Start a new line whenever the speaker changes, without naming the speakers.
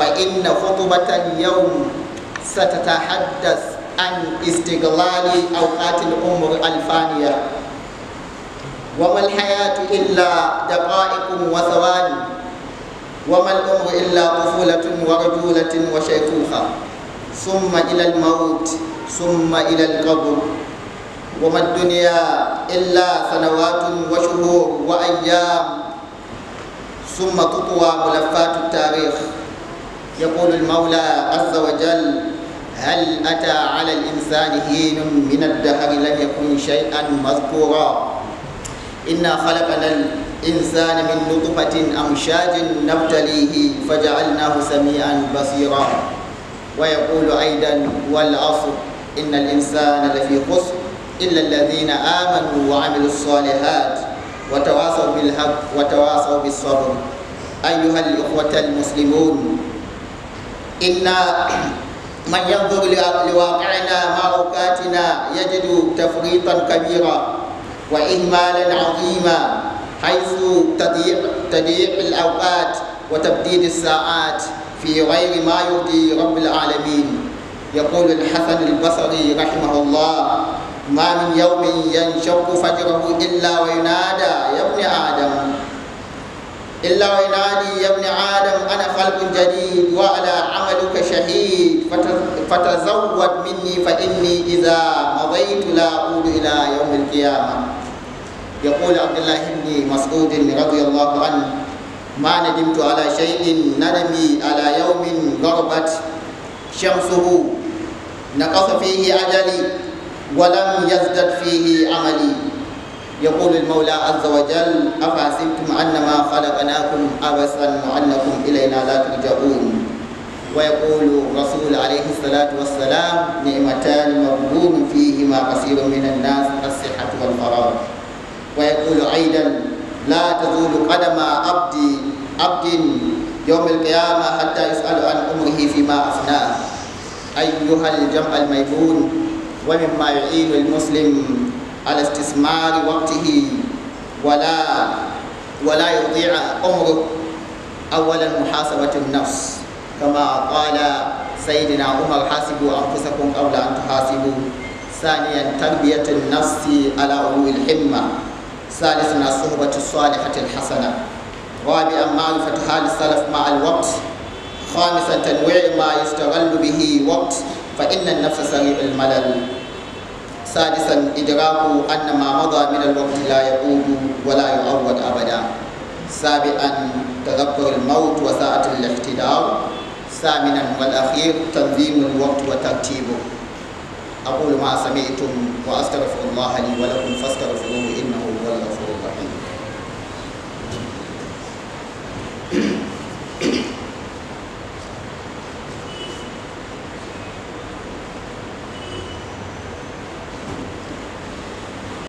فإن خطبة اليوم ستتحدث عن استغلال أوقات الأمور الفانية وما الحياة إلا دقائق وثواني وما الأمر إلا طفولة ورجولة وشيخوخة ثم إلى الموت ثم إلى القبر وما الدنيا إلا سنوات وشهور وأيام ثم تطوى ملفات التاريخ يقول المولى عز وجل هل أتى على الإنسان حين من الدهر لم يكن شيئا مذكورا إنا خلقنا الإنسان من نطفة أمشاج نبتليه فجعلناه سميعا بصيرا ويقول أيضا والعصر إن الإنسان لفي خسر إلا الذين آمنوا وعملوا الصالحات وتواصوا بالحق وتواصوا بالصبر أيها الإخوة المسلمون إن من ينظر لواقعنا مع أوقاتنا يجد تفريطا كبيرا وإهمالا عظيما حيث تضييق تضييق الأوقات وتبديد الساعات في غير ما يرضي رب العالمين يقول الحسن البصري رحمه الله ما من يوم ينشق فجره إلا وينادي إلا وينادي يا ابن آدم أنا خلق جديد وعلى عملك شهيد فتزود مني فإني إذا مضيت لا أعود إلى يوم القيامة يقول عبد الله بن مسعود رضي الله عنه ما ندمت على شيء ندمي على يوم غربت شمسه نقص فيه أجلي ولم يزدد فيه عملي يقول المولى عز وجل أفحسبتم أنما خلقناكم عبثا وأنكم إلينا لا ترجعون ويقول الرسول عليه الصلاة والسلام نعمتان مغبون فيهما كثير من الناس الصحة والفراغ ويقول أيضا لا تزول قدم عبد عبد يوم القيامة حتى يسأل عن أمره فيما أفناه أيها الجمع الميمون ومما يعين المسلم على استثمار وقته ولا ولا يضيع أمره أولا محاسبة النفس كما قال سيدنا عمر حاسبوا أنفسكم قبل أن تحاسبوا ثانيا تربية النفس على علو الحمة ثالثا الصحبة الصالحة الحسنة رابعا معرفة حال السلف مع الوقت خامسا تنويع ما يستغل به وقت فإن النفس سريع الملل سادسا إدراك أن ما مضى من الوقت لا يعود ولا يعود أبدا سابعا تذكر الموت وساعة الاحتضار ثامنا والأخير تنظيم الوقت وترتيبه أقول ما سمعتم وأستغفر الله لي ولكم فاستغفروه إن